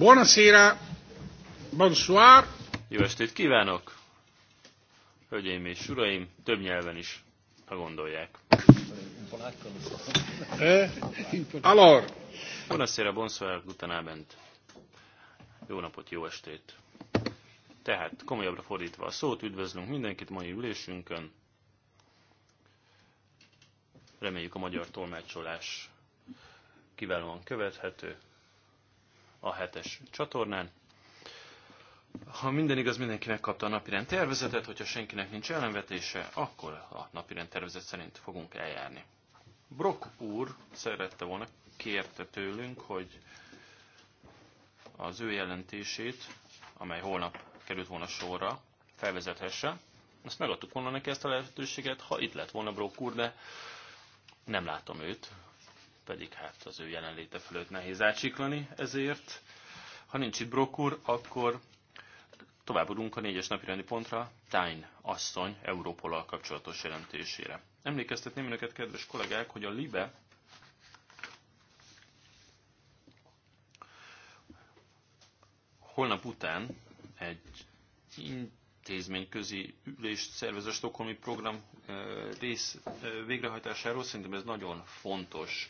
Buonasera, bonsoir. Jó estét kívánok! Hölgyeim és uraim, több nyelven is, ha gondolják. Eh, Alor! Buonasera, bonsoir, guten abend. Jó napot, jó estét! Tehát komolyabbra fordítva a szót, üdvözlünk mindenkit mai ülésünkön. Reméljük a magyar tolmácsolás kiválóan követhető a hetes csatornán. Ha minden igaz, mindenkinek kapta a napirend tervezetet, hogyha senkinek nincs ellenvetése, akkor a napirend tervezet szerint fogunk eljárni. Brock úr szerette volna, kérte tőlünk, hogy az ő jelentését, amely holnap került volna sorra, felvezethesse. Ezt megadtuk volna neki ezt a lehetőséget, ha itt lett volna Brock úr, de nem látom őt, pedig hát az ő jelenléte fölött nehéz átsiklani, ezért ha nincs itt Brokur, akkor továbbodunk a négyes napirendi pontra Tyne asszony Európola kapcsolatos jelentésére. Emlékeztetném önöket, kedves kollégák, hogy a LIBE holnap után egy intézményközi ülést szervez a program eh, rész eh, végrehajtásáról. Szerintem ez nagyon fontos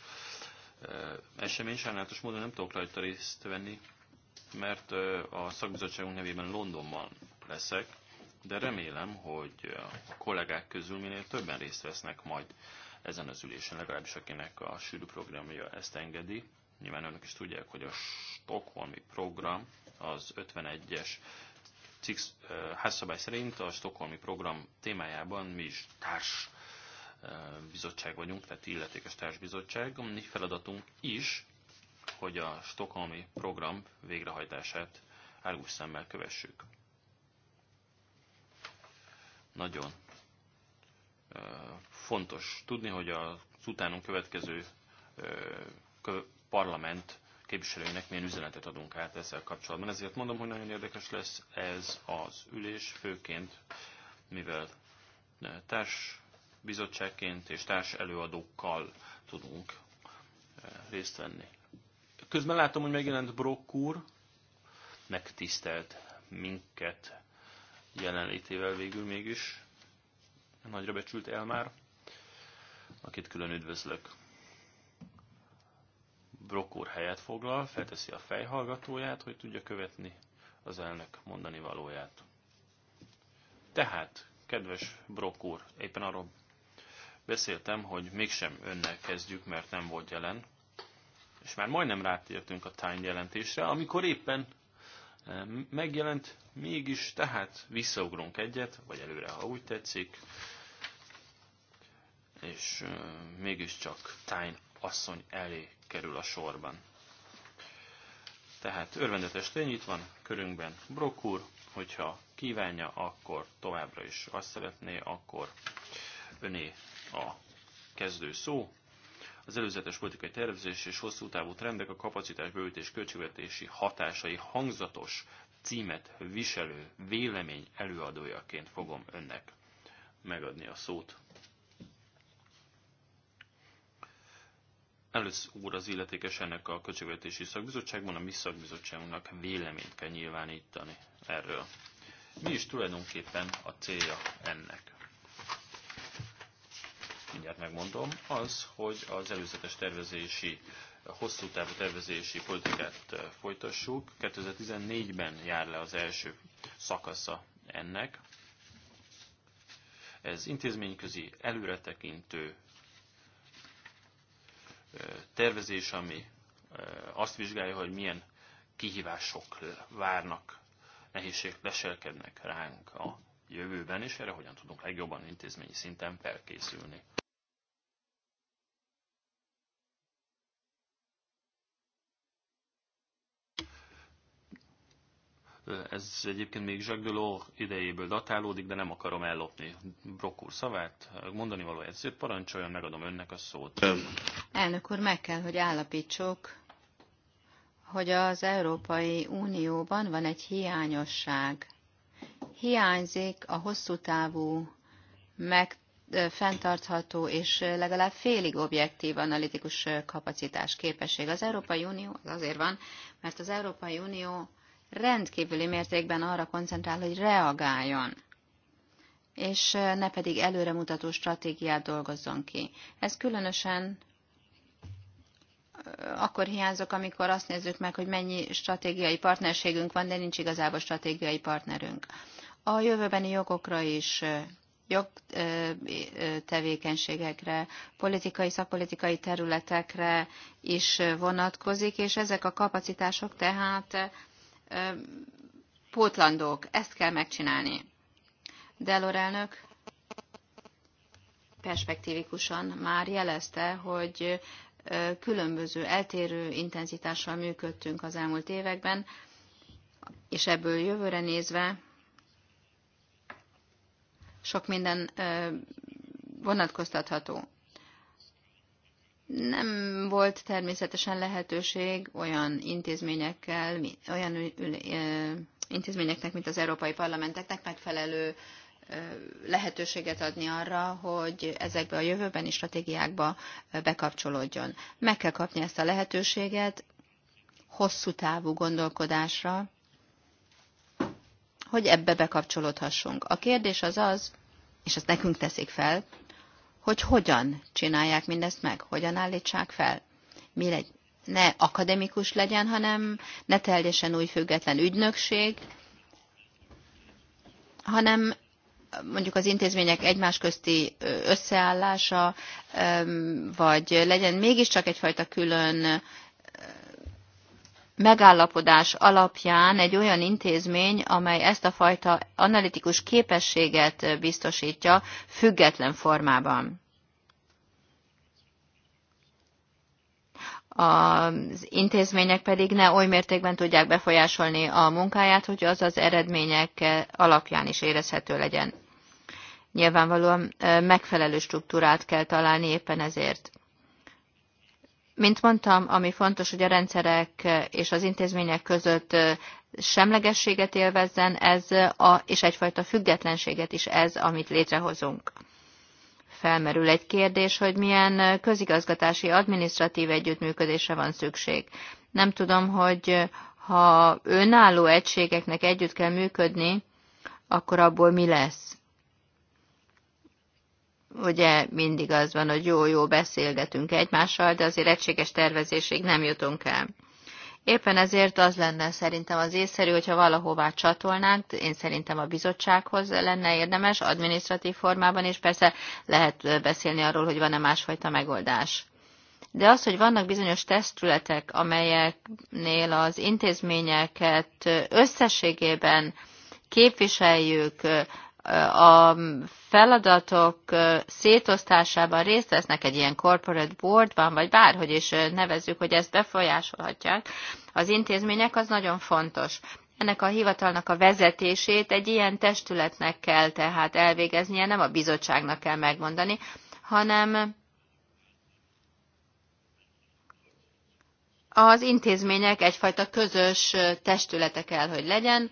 esemény. Sajnálatos módon nem tudok rajta részt venni, mert a szakbizottságunk nevében Londonban leszek, de remélem, hogy a kollégák közül minél többen részt vesznek majd ezen az ülésen, legalábbis akinek a sűrű programja ezt engedi. Nyilván önök is tudják, hogy a Stockholmi program az 51-es házszabály szerint a Stockholmi program témájában mi is társ bizottság vagyunk, tehát illetékes társbizottság, ami feladatunk is, hogy a stokholmi program végrehajtását árgus szemmel kövessük. Nagyon fontos tudni, hogy az utánunk következő parlament képviselőinek milyen üzenetet adunk át ezzel kapcsolatban. Ezért mondom, hogy nagyon érdekes lesz ez az ülés, főként mivel társ bizottságként és társ előadókkal tudunk eh, részt venni. Közben látom, hogy megjelent Brock úr, megtisztelt minket jelenlétével végül mégis. Nagyra becsült el már, akit külön üdvözlök. Brock úr helyet foglal, felteszi a fejhallgatóját, hogy tudja követni az elnök mondani valóját. Tehát, kedves Brock úr, éppen arról Beszéltem, hogy mégsem önnel kezdjük, mert nem volt jelen. És már majdnem rátértünk a Time jelentésre, amikor éppen eh, megjelent, mégis tehát visszaugrunk egyet, vagy előre, ha úgy tetszik, és eh, mégiscsak Time asszony elé kerül a sorban. Tehát örvendetes tény itt van körünkben brokúr, hogyha kívánja, akkor továbbra is azt szeretné, akkor öné a kezdő szó. Az előzetes politikai tervezés és hosszú távú trendek a bővítés költségvetési hatásai hangzatos címet viselő vélemény előadójaként fogom önnek megadni a szót. Először úr az illetékes ennek a költségvetési szakbizottságban, a mi szakbizottságunknak véleményt kell nyilvánítani erről. Mi is tulajdonképpen a célja ennek? mindjárt megmondom, az, hogy az előzetes tervezési, hosszú távú tervezési politikát folytassuk. 2014-ben jár le az első szakasza ennek. Ez intézményközi, előretekintő tervezés, ami azt vizsgálja, hogy milyen kihívások várnak, nehézségek leselkednek ránk a jövőben, és erre hogyan tudunk legjobban intézményi szinten felkészülni. Ez egyébként még Jacques Delors idejéből datálódik, de nem akarom ellopni Brock szavát, mondani való ezért parancsoljon, megadom önnek a szót. Elnök úr, meg kell, hogy állapítsuk, hogy az Európai Unióban van egy hiányosság. Hiányzik a hosszú távú, meg, fenntartható és legalább félig objektív analitikus kapacitás képesség. Az Európai Unió az azért van, mert az Európai Unió rendkívüli mértékben arra koncentrál, hogy reagáljon és ne pedig előremutató stratégiát dolgozzon ki. Ez különösen akkor hiányzok, amikor azt nézzük meg, hogy mennyi stratégiai partnerségünk van, de nincs igazából stratégiai partnerünk. A jövőbeni jogokra is, jogtevékenységekre, politikai, szakpolitikai területekre is vonatkozik, és ezek a kapacitások tehát pótlandók. Ezt kell megcsinálni. Delor elnök perspektívikusan már jelezte, hogy különböző, eltérő intenzitással működtünk az elmúlt években, és ebből jövőre nézve sok minden vonatkoztatható nem volt természetesen lehetőség olyan intézményekkel, olyan intézményeknek, mint az Európai Parlamenteknek megfelelő lehetőséget adni arra, hogy ezekbe a jövőbeni stratégiákba bekapcsolódjon. Meg kell kapni ezt a lehetőséget hosszú távú gondolkodásra, hogy ebbe bekapcsolódhassunk. A kérdés az az, és azt nekünk teszik fel, hogy hogyan csinálják mindezt meg, hogyan állítsák fel. Mi legy, ne akademikus legyen, hanem ne teljesen új független ügynökség, hanem mondjuk az intézmények egymás közti összeállása, vagy legyen mégiscsak egyfajta külön megállapodás alapján egy olyan intézmény, amely ezt a fajta analitikus képességet biztosítja független formában. az intézmények pedig ne oly mértékben tudják befolyásolni a munkáját, hogy az az eredmények alapján is érezhető legyen. Nyilvánvalóan megfelelő struktúrát kell találni éppen ezért. Mint mondtam, ami fontos, hogy a rendszerek és az intézmények között semlegességet élvezzen, ez a, és egyfajta függetlenséget is ez, amit létrehozunk. Felmerül egy kérdés, hogy milyen közigazgatási adminisztratív együttműködésre van szükség. Nem tudom, hogy ha önálló egységeknek együtt kell működni, akkor abból mi lesz? ugye mindig az van, hogy jó-jó beszélgetünk egymással, de azért egységes tervezésig nem jutunk el. Éppen ezért az lenne szerintem az észszerű, hogyha valahová csatolnánk, én szerintem a bizottsághoz lenne érdemes, administratív formában, és persze lehet beszélni arról, hogy van-e másfajta megoldás. De az, hogy vannak bizonyos testületek, amelyeknél az intézményeket összességében képviseljük, a feladatok szétosztásában részt vesznek egy ilyen corporate boardban, vagy bárhogy is nevezzük, hogy ezt befolyásolhatják az intézmények, az nagyon fontos. Ennek a hivatalnak a vezetését egy ilyen testületnek kell tehát elvégeznie, nem a bizottságnak kell megmondani, hanem az intézmények egyfajta közös testülete kell, hogy legyen,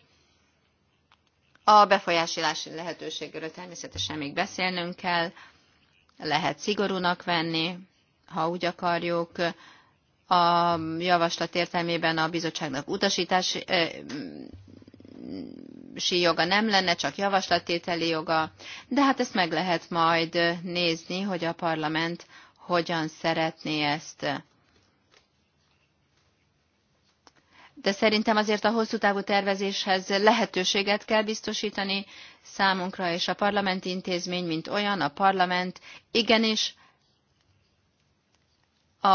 a befolyásolási lehetőségről természetesen még beszélnünk kell, lehet szigorúnak venni, ha úgy akarjuk. A javaslat értelmében a bizottságnak utasítási joga nem lenne, csak javaslatételi joga, de hát ezt meg lehet majd nézni, hogy a parlament hogyan szeretné ezt de szerintem azért a hosszú távú tervezéshez lehetőséget kell biztosítani számunkra, és a parlamenti intézmény, mint olyan, a parlament igenis a,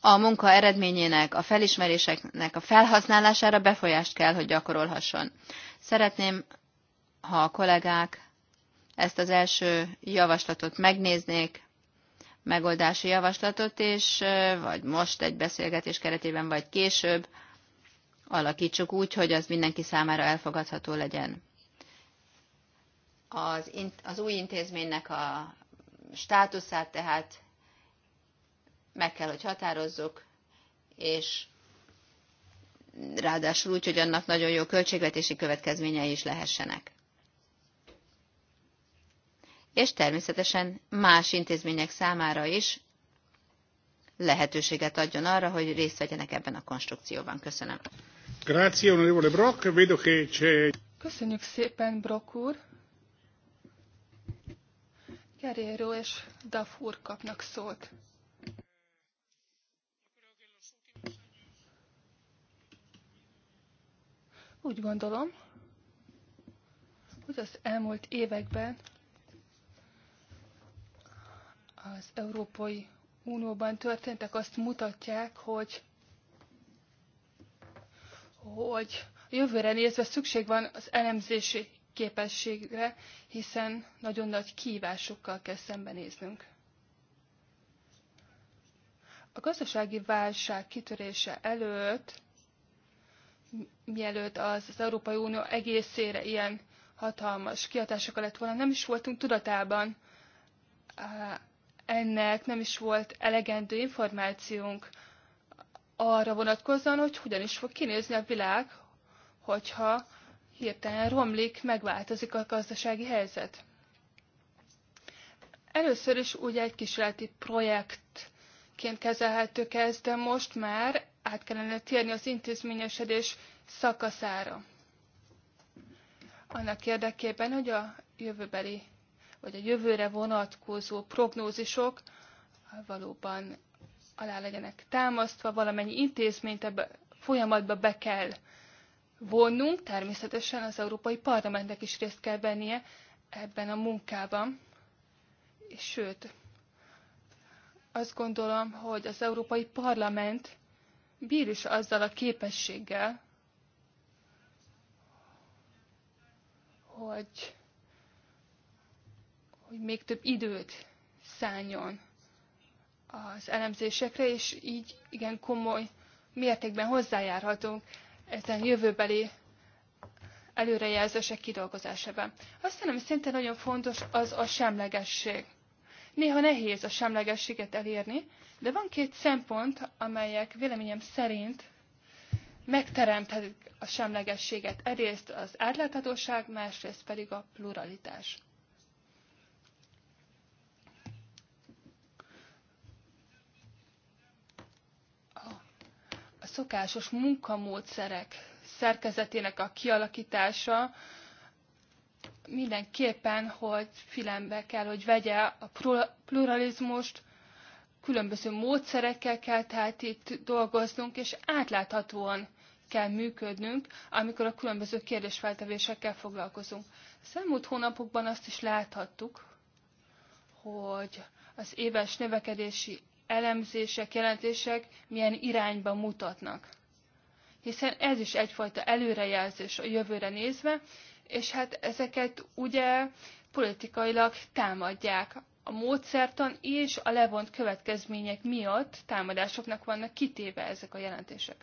a munka eredményének, a felismeréseknek a felhasználására befolyást kell, hogy gyakorolhasson. Szeretném, ha a kollégák ezt az első javaslatot megnéznék, megoldási javaslatot, és vagy most egy beszélgetés keretében, vagy később alakítsuk úgy, hogy az mindenki számára elfogadható legyen. Az, az új intézménynek a státuszát tehát meg kell, hogy határozzuk, és ráadásul úgy, hogy annak nagyon jó költségvetési következményei is lehessenek és természetesen más intézmények számára is lehetőséget adjon arra, hogy részt vegyenek ebben a konstrukcióban. Köszönöm. Grazie, onorevole Vedo che c'è... Köszönjük szépen, Brock úr. Guerrero és Dafur kapnak szót. Úgy gondolom, hogy az elmúlt években az Európai Unióban történtek, azt mutatják, hogy, hogy jövőre nézve szükség van az elemzési képességre, hiszen nagyon nagy kihívásokkal kell szembenéznünk. A gazdasági válság kitörése előtt, mielőtt az, az Európai Unió egészére ilyen hatalmas kiadásokkal lett volna, nem is voltunk tudatában ennek nem is volt elegendő információnk arra vonatkozóan, hogy hogyan is fog kinézni a világ, hogyha hirtelen romlik, megváltozik a gazdasági helyzet. Először is ugye egy kísérleti projektként kezelhetők ez, de most már át kellene térni az intézményesedés szakaszára. Annak érdekében, hogy a jövőbeli vagy a jövőre vonatkozó prognózisok valóban alá legyenek támasztva, valamennyi intézményt ebbe folyamatba be kell vonnunk, természetesen az Európai Parlamentnek is részt kell vennie ebben a munkában. És sőt, azt gondolom, hogy az Európai Parlament bír is azzal a képességgel, hogy hogy még több időt szálljon az elemzésekre, és így igen komoly mértékben hozzájárhatunk ezen jövőbeli előrejelzések kidolgozásában. Aztán, ami szinte nagyon fontos, az a semlegesség. Néha nehéz a semlegességet elérni, de van két szempont, amelyek véleményem szerint megteremthetik a semlegességet. Egyrészt az átláthatóság, másrészt pedig a pluralitás. szokásos munkamódszerek szerkezetének a kialakítása mindenképpen, hogy filembe kell, hogy vegye a pluralizmust, különböző módszerekkel kell tehát itt dolgoznunk, és átláthatóan kell működnünk, amikor a különböző kérdésfeltevésekkel foglalkozunk. Az elmúlt hónapokban azt is láthattuk, hogy az éves növekedési elemzések, jelentések milyen irányba mutatnak. Hiszen ez is egyfajta előrejelzés a jövőre nézve, és hát ezeket ugye politikailag támadják. A módszertan és a levont következmények miatt támadásoknak vannak kitéve ezek a jelentések.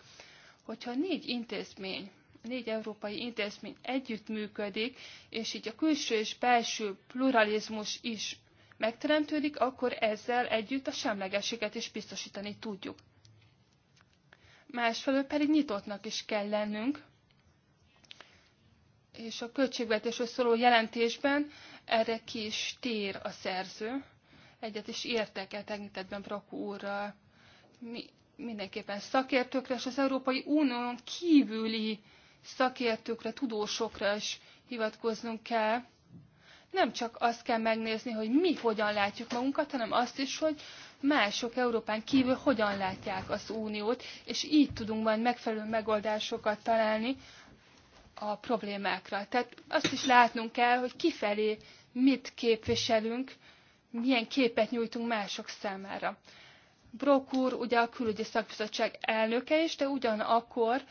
Hogyha négy intézmény négy európai intézmény együttműködik, és így a külső és belső pluralizmus is megteremtődik, akkor ezzel együtt a semlegességet is biztosítani tudjuk. Másfelől pedig nyitottnak is kell lennünk, és a költségvetésről szóló jelentésben erre ki is tér a szerző. Egyet is értek el tekintetben Brakó úrral. Mi, mindenképpen szakértőkre, és az Európai Unión kívüli szakértőkre, tudósokra is hivatkoznunk kell, nem csak azt kell megnézni, hogy mi hogyan látjuk magunkat, hanem azt is, hogy mások Európán kívül hogyan látják az uniót, és így tudunk majd megfelelő megoldásokat találni a problémákra. Tehát azt is látnunk kell, hogy kifelé mit képviselünk, milyen képet nyújtunk mások számára. Brok úr ugye a külügyi szakbizottság elnöke is, de ugyanakkor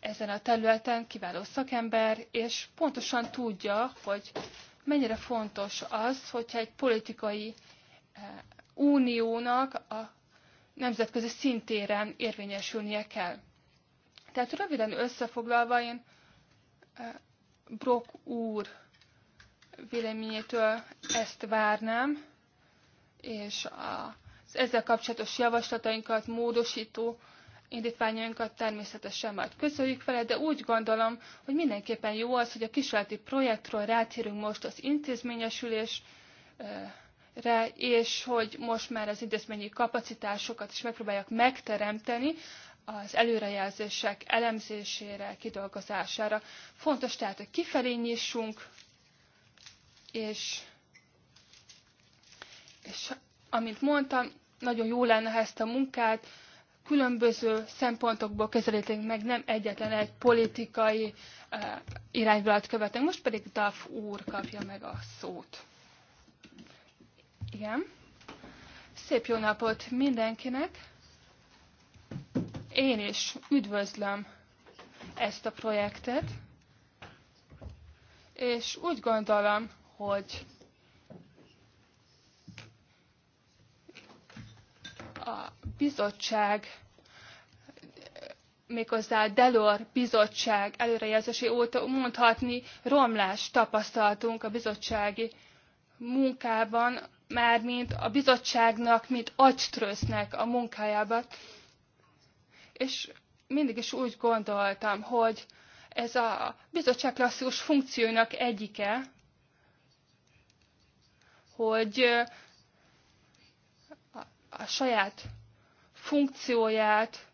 ezen a területen kiváló szakember, és pontosan tudja, hogy mennyire fontos az, hogyha egy politikai eh, uniónak a nemzetközi szintéren érvényesülnie kell. Tehát röviden összefoglalva én eh, Brock úr véleményétől ezt várnám, és az ezzel kapcsolatos javaslatainkat, módosító indítványainkat természetesen majd közöljük vele, de úgy gondolom, hogy mindenképpen jó az, hogy a kísérleti projektről rátérünk most az intézményesülés re, és hogy most már az intézményi kapacitásokat is megpróbálják megteremteni az előrejelzések elemzésére, kidolgozására. Fontos tehát, hogy kifelé nyissunk, és, és amint mondtam, nagyon jó lenne, ha ezt a munkát különböző szempontokból közelítünk meg, nem egyetlen egy politikai uh, eh, irányvonalat követünk. Most pedig Duff úr kapja meg a szót. Igen. Szép jó napot mindenkinek. Én is üdvözlöm ezt a projektet, és úgy gondolom, hogy a bizottság méghozzá a Delor bizottság előrejelzési óta mondhatni romlás tapasztaltunk a bizottsági munkában, mármint a bizottságnak, mint agytrösznek a munkájában. És mindig is úgy gondoltam, hogy ez a bizottság klasszikus funkciónak egyike, hogy a saját funkcióját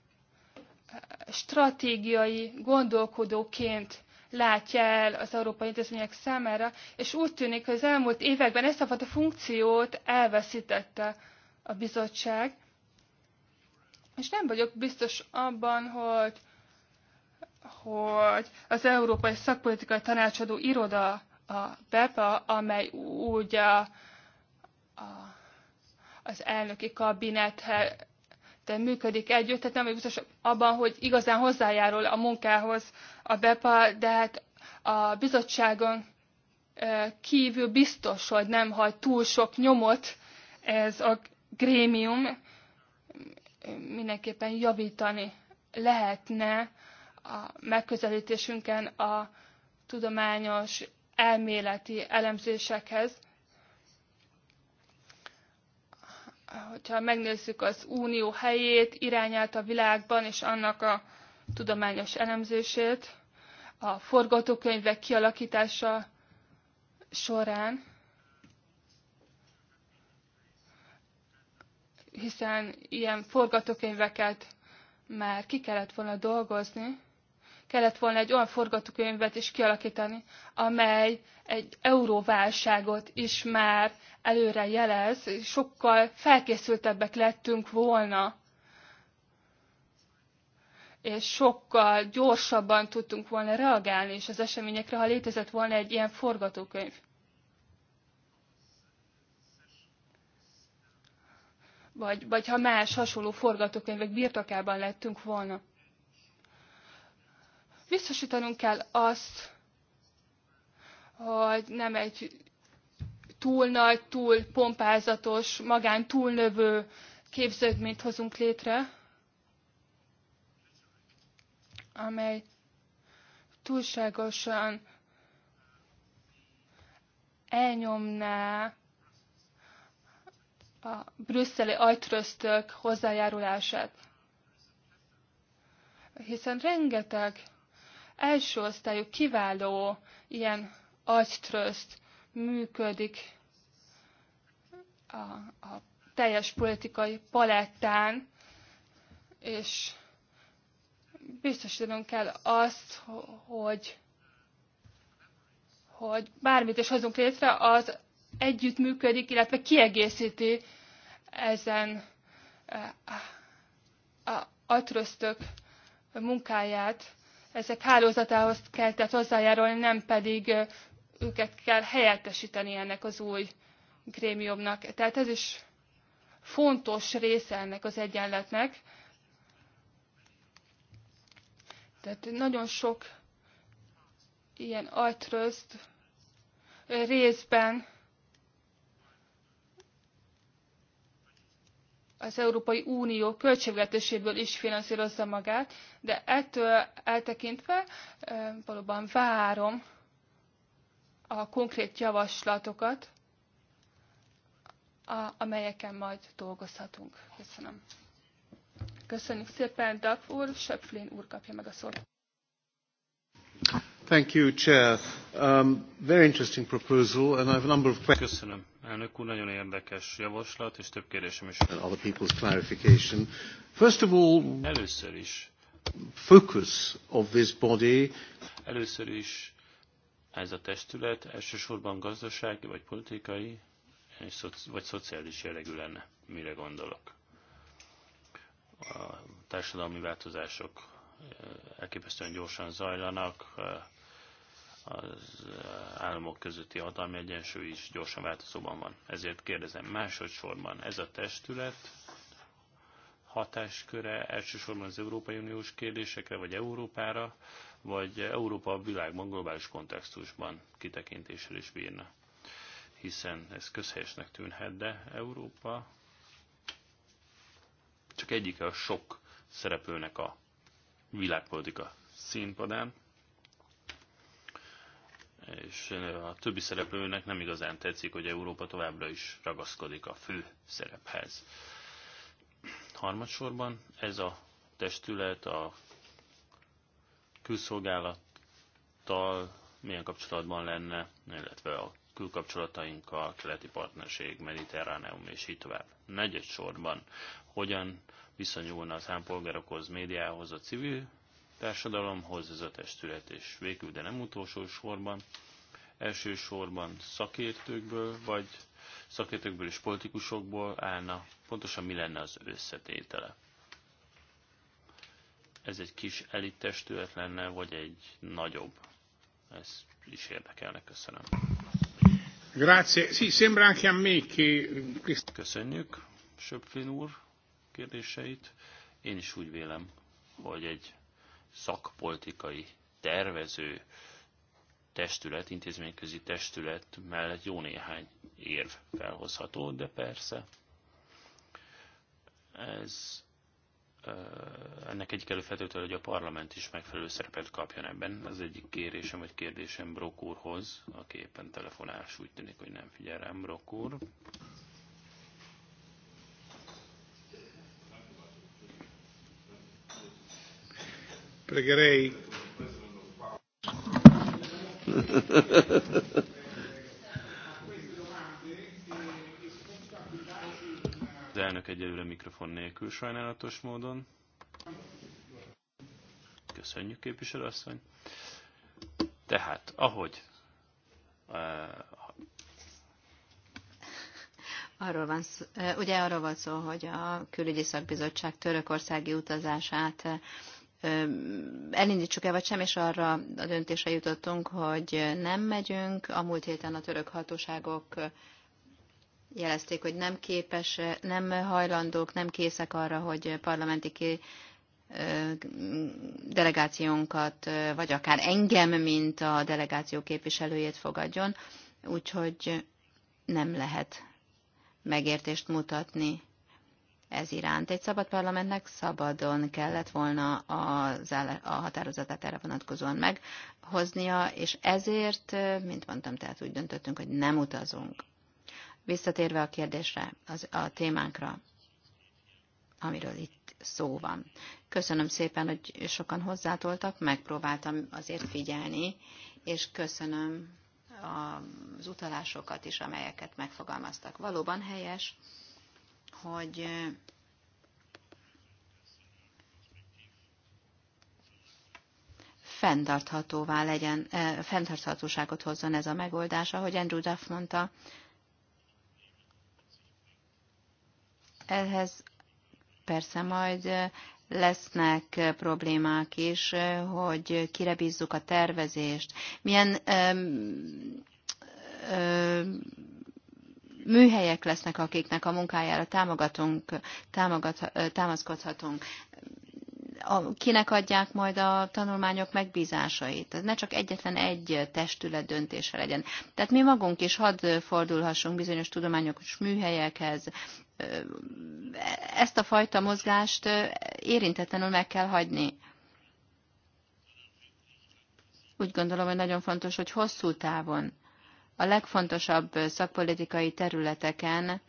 eh, stratégiai gondolkodóként látja el az európai intézmények számára, és úgy tűnik, hogy az elmúlt években ezt a fajta funkciót elveszítette a bizottság. És nem vagyok biztos abban, hogy, hogy az Európai Szakpolitikai Tanácsadó Iroda, a BEPA, amely úgy a, a az elnöki de működik együtt, tehát nem biztos abban, hogy igazán hozzájárul a munkához a BEPA, de hát a bizottságon kívül biztos, hogy nem hagy túl sok nyomot ez a grémium, mindenképpen javítani lehetne a megközelítésünken a tudományos elméleti elemzésekhez, hogyha megnézzük az unió helyét, irányát a világban és annak a tudományos elemzését, a forgatókönyvek kialakítása során, hiszen ilyen forgatókönyveket már ki kellett volna dolgozni, kellett volna egy olyan forgatókönyvet is kialakítani, amely egy euróválságot is már előre jelez, sokkal felkészültebbek lettünk volna, és sokkal gyorsabban tudtunk volna reagálni és az eseményekre, ha létezett volna egy ilyen forgatókönyv. Vagy, vagy ha más hasonló forgatókönyvek birtokában lettünk volna. Biztosítanunk kell azt, hogy nem egy túl nagy, túl pompázatos, magán túlnövő képződményt hozunk létre, amely túlságosan elnyomná a brüsszeli ajtrösztök hozzájárulását. Hiszen rengeteg első osztályú kiváló ilyen agytrözt működik a, a teljes politikai palettán, és biztosítanunk kell azt, hogy, hogy bármit is hozunk létre, az együttműködik, illetve kiegészíti ezen e, a atrosztök munkáját. Ezek hálózatához kell tehát hozzájárulni, nem pedig e, őket kell helyettesíteni ennek az új grémiumnak. Tehát ez is fontos része ennek az egyenletnek. Tehát nagyon sok ilyen ajtrözt részben az Európai Unió költségvetéséből is finanszírozza magát, de ettől eltekintve eh, valóban várom a konkrét javaslatokat, a, amelyeken majd dolgozhatunk. Köszönöm. Köszönjük szépen, Duff úr, Söpflén úr kapja meg a szót. Thank you, Chair. Um, very interesting proposal, and I have a number of questions. Köszönöm, elnök úr, nagyon érdekes javaslat, és több kérdésem is. And other people's clarification. First of all, először is, focus of this body. Először is ez a testület elsősorban gazdasági vagy politikai vagy szociális jellegű lenne. Mire gondolok? A társadalmi változások eh, elképesztően gyorsan zajlanak, eh, az eh, államok közötti hatalmi egyensúly is gyorsan változóban van. Ezért kérdezem másodszorban, ez a testület hatásköre elsősorban az Európai Uniós kérdésekre vagy Európára vagy Európa a világban, globális kontextusban kitekintéssel is bírna. Hiszen ez közhelyesnek tűnhet, de Európa csak egyike a sok szereplőnek a világpolitika színpadán, és a többi szereplőnek nem igazán tetszik, hogy Európa továbbra is ragaszkodik a fő szerephez. Harmadsorban ez a testület a külszolgálattal milyen kapcsolatban lenne, illetve a külkapcsolatainkkal, keleti partnerség, mediterráneum és így tovább. Negyed sorban hogyan viszonyulna az állampolgárokhoz, médiához, a civil társadalomhoz, ez a testület és végül, de nem utolsó sorban, elsősorban szakértőkből, vagy szakértőkből és politikusokból állna, pontosan mi lenne az összetétele ez egy kis elit testület lenne, vagy egy nagyobb. Ez is érdekelne, köszönöm. Grazie. Sì, sembra anche a me che... Köszönjük Söpfin úr kérdéseit. Én is úgy vélem, hogy egy szakpolitikai tervező testület, intézményközi testület mellett jó néhány érv felhozható, de persze ez ennek egyik előfeltétele, hogy a parlament is megfelelő szerepet kapjon ebben. Az egyik kérésem vagy kérdésem Brok úrhoz, aki éppen telefonás, úgy tűnik, hogy nem figyel rám, Brok úr. Pregerei. Az elnök egyelőre mikrofon nélkül sajnálatos módon. Köszönjük, képviselőasszony. Tehát, ahogy eh, Arról van szó, eh, ugye arról van szó, hogy a külügyi szakbizottság törökországi utazását eh, elindítsuk-e vagy sem, és arra a döntésre jutottunk, hogy nem megyünk. A múlt héten a török hatóságok jelezték, hogy nem képes, nem hajlandók, nem készek arra, hogy parlamenti delegációnkat, vagy akár engem, mint a delegáció képviselőjét fogadjon, úgyhogy nem lehet megértést mutatni ez iránt. Egy szabad parlamentnek szabadon kellett volna az a határozatát erre vonatkozóan meghoznia, és ezért, mint mondtam, tehát úgy döntöttünk, hogy nem utazunk. Visszatérve a kérdésre, az, a témánkra, amiről itt szó van. Köszönöm szépen, hogy sokan hozzátoltak, megpróbáltam azért figyelni, és köszönöm az utalásokat is, amelyeket megfogalmaztak. Valóban helyes, hogy fenntarthatóvá legyen, fenntarthatóságot hozzon ez a megoldás, ahogy Andrew Duff mondta, Ehhez persze majd eh, lesznek eh, problémák is, eh, hogy kire bízzuk a tervezést, milyen öm, öm, műhelyek lesznek, akiknek a munkájára támogatunk, támogat, támaszkodhatunk kinek adják majd a tanulmányok megbízásait. Ez ne csak egyetlen egy testület döntése legyen. Tehát mi magunk is hadd fordulhassunk bizonyos tudományos műhelyekhez, ezt a fajta mozgást érintetlenül meg kell hagyni. Úgy gondolom, hogy nagyon fontos, hogy hosszú távon a legfontosabb szakpolitikai területeken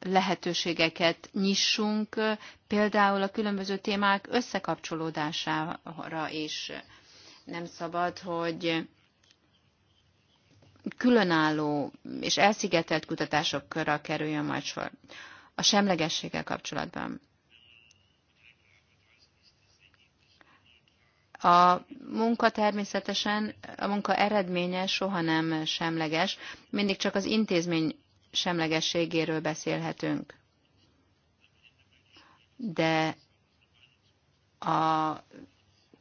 lehetőségeket nyissunk, például a különböző témák összekapcsolódására is. Nem szabad, hogy különálló és elszigetelt kutatások körre kerüljön majd sor. A semlegességgel kapcsolatban. A munka természetesen, a munka eredménye soha nem semleges, mindig csak az intézmény semlegességéről beszélhetünk. De a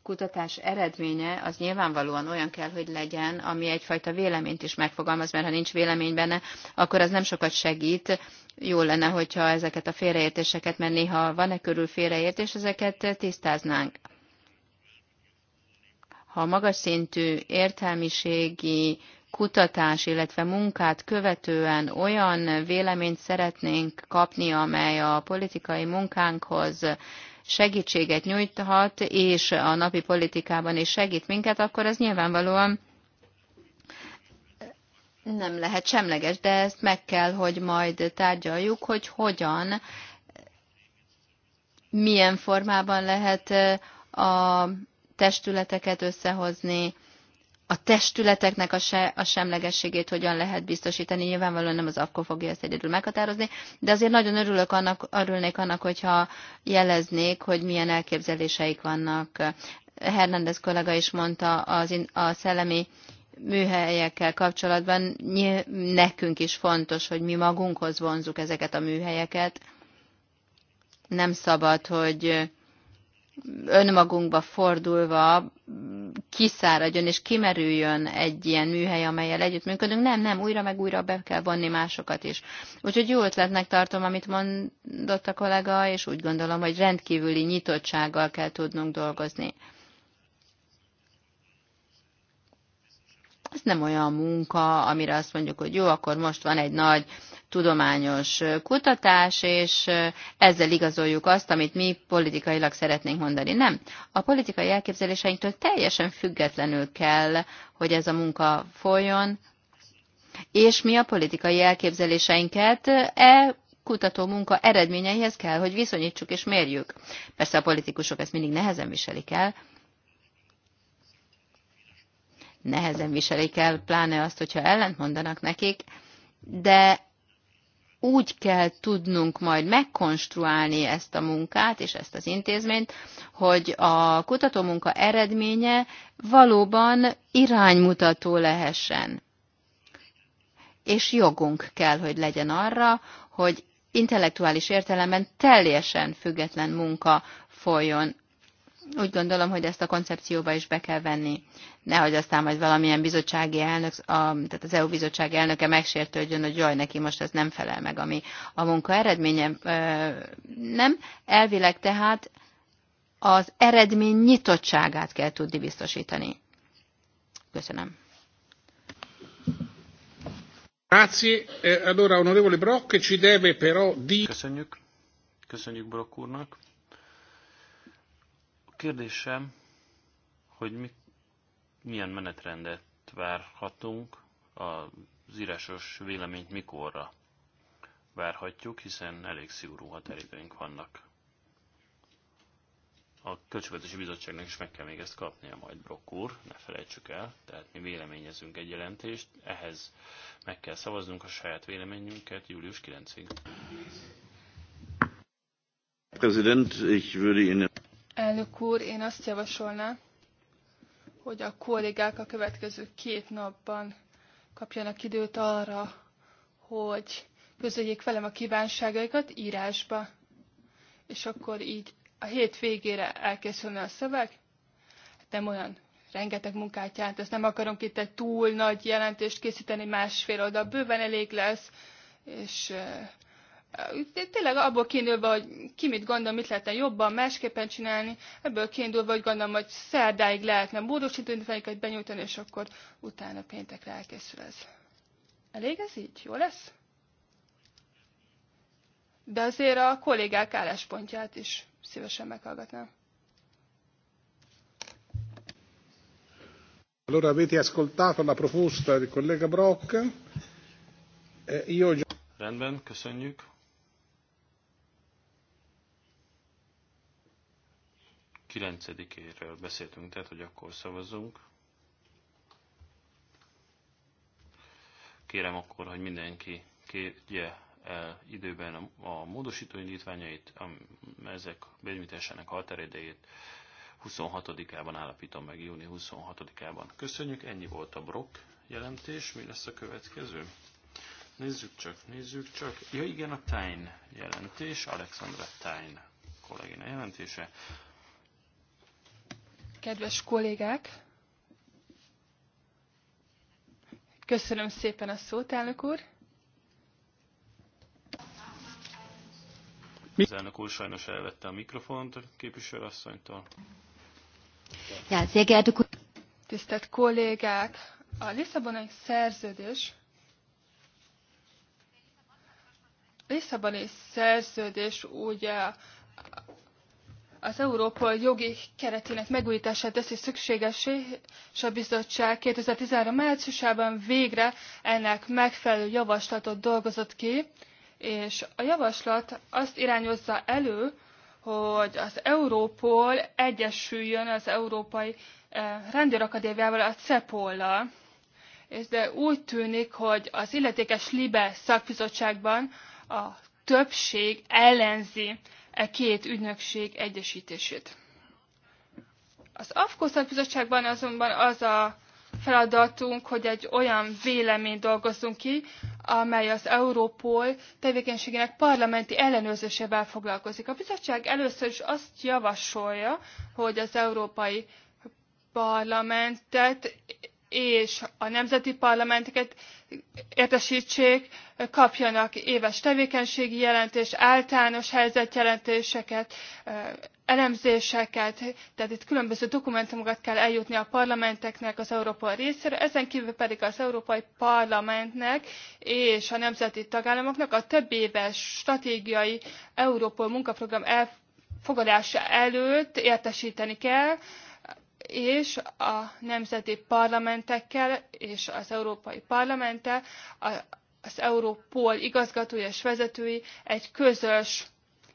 kutatás eredménye az nyilvánvalóan olyan kell, hogy legyen, ami egyfajta véleményt is megfogalmaz, mert ha nincs vélemény benne, akkor az nem sokat segít. Jó lenne, hogyha ezeket a félreértéseket, mert néha van-e körül félreértés, ezeket tisztáznánk. Ha magas szintű értelmiségi kutatás, illetve munkát követően olyan véleményt szeretnénk kapni, amely a politikai munkánkhoz segítséget nyújthat, és a napi politikában is segít minket, akkor az nyilvánvalóan nem lehet semleges, de ezt meg kell, hogy majd tárgyaljuk, hogy hogyan, milyen formában lehet a testületeket összehozni, a testületeknek a, se, a semlegességét hogyan lehet biztosítani. Nyilvánvalóan nem az akkor fogja ezt egyedül meghatározni, de azért nagyon örülök annak, örülnék annak, hogyha jeleznék, hogy milyen elképzeléseik vannak. Hernández kollega is mondta az, a szellemi műhelyekkel kapcsolatban, nekünk is fontos, hogy mi magunkhoz vonzuk ezeket a műhelyeket. Nem szabad, hogy önmagunkba fordulva kiszáradjon és kimerüljön egy ilyen műhely, amelyel együttműködünk. Nem, nem, újra meg újra be kell vonni másokat is. Úgyhogy jó ötletnek tartom, amit mondott a kollega, és úgy gondolom, hogy rendkívüli nyitottsággal kell tudnunk dolgozni. Ez nem olyan munka, amire azt mondjuk, hogy jó, akkor most van egy nagy tudományos kutatás, és ezzel igazoljuk azt, amit mi politikailag szeretnénk mondani. Nem. A politikai elképzeléseinktől teljesen függetlenül kell, hogy ez a munka folyjon, és mi a politikai elképzeléseinket e kutató munka eredményeihez kell, hogy viszonyítsuk és mérjük. Persze a politikusok ezt mindig nehezen viselik el, nehezen viselik el, pláne azt, hogyha ellent mondanak nekik, de úgy kell tudnunk majd megkonstruálni ezt a munkát és ezt az intézményt, hogy a kutatómunka eredménye valóban iránymutató lehessen. És jogunk kell, hogy legyen arra, hogy intellektuális értelemben teljesen független munka folyjon úgy gondolom, hogy ezt a koncepcióba is be kell venni. Nehogy aztán majd valamilyen bizottsági elnök, a, tehát az EU bizottság elnöke megsértődjön, hogy jaj, neki most ez nem felel meg, ami a munka eredménye. Nem, elvileg tehát az eredmény nyitottságát kell tudni biztosítani. Köszönöm. E, allora, onorevole ci deve però di... Köszönjük. Köszönjük Brock úrnak Kérdésem, hogy mi, milyen menetrendet várhatunk az írásos véleményt mikorra várhatjuk, hiszen elég szigorú határidőink vannak. A Költségvetési Bizottságnak is meg kell még ezt kapnia majd Brock úr, ne felejtsük el, tehát mi véleményezünk egy jelentést, ehhez meg kell szavaznunk a saját véleményünket július 9-ig. Präsident, ich würde Ihnen... Elnök úr, én azt javasolnám, hogy a kollégák a következő két napban kapjanak időt arra, hogy közöljék velem a kívánságaikat írásba, és akkor így a hét végére elkészülne a szöveg. Hát nem olyan rengeteg munkát jelent, ezt nem akarom itt egy túl nagy jelentést készíteni, másfél oldal, bőven elég lesz, és tényleg abból kiindulva, hogy ki mit gondol, mit lehetne jobban, másképpen csinálni, ebből kiindulva, hogy gondolom, hogy szerdáig lehetne módosítványokat benyújtani, és akkor utána péntekre elkészül ez. Elég ez így? Jó lesz? De azért a kollégák álláspontját is szívesen meghallgatnám. Allora avete ascoltato la proposta del collega Brock. Eh, io... Rendben, köszönjük. 9-éről beszéltünk, tehát hogy akkor szavazunk. Kérem akkor, hogy mindenki kérje el időben a, a módosító indítványait, a, ezek benyújtásának határidejét 26-ában állapítom meg, júni 26-ában. Köszönjük, ennyi volt a brok jelentés, mi lesz a következő? Nézzük csak, nézzük csak. Ja igen, a Tyne jelentés, Alexandra Tyne kollégina jelentése. Kedves kollégák! Köszönöm szépen a szót, elnök úr! Az elnök úr sajnos elvette a mikrofont a képviselőasszonytól. Tisztelt kollégák! A Lisszabonai szerződés Lisszaboni szerződés ugye az Európa jogi keretének megújítását teszi szükségesé, és a bizottság 2013 márciusában végre ennek megfelelő javaslatot dolgozott ki, és a javaslat azt irányozza elő, hogy az Európol egyesüljön az Európai eh, Rendőrakadémiával, a CEPOL-lal. De úgy tűnik, hogy az illetékes LIBE szakbizottságban a többség ellenzi e két ügynökség egyesítését. Az AFKO Bizottságban azonban az a feladatunk, hogy egy olyan véleményt dolgozzunk ki, amely az Európol tevékenységének parlamenti ellenőrzésével foglalkozik. A bizottság először is azt javasolja, hogy az Európai Parlamentet és a nemzeti parlamenteket értesítsék, kapjanak éves tevékenységi jelentést, általános helyzetjelentéseket, elemzéseket, tehát itt különböző dokumentumokat kell eljutni a parlamenteknek az európai részéről, ezen kívül pedig az Európai Parlamentnek és a nemzeti tagállamoknak a több éves stratégiai Európol munkaprogram elfogadása előtt értesíteni kell, és a nemzeti parlamentekkel és az Európai Parlamenttel az Európol igazgatói és vezetői egy közös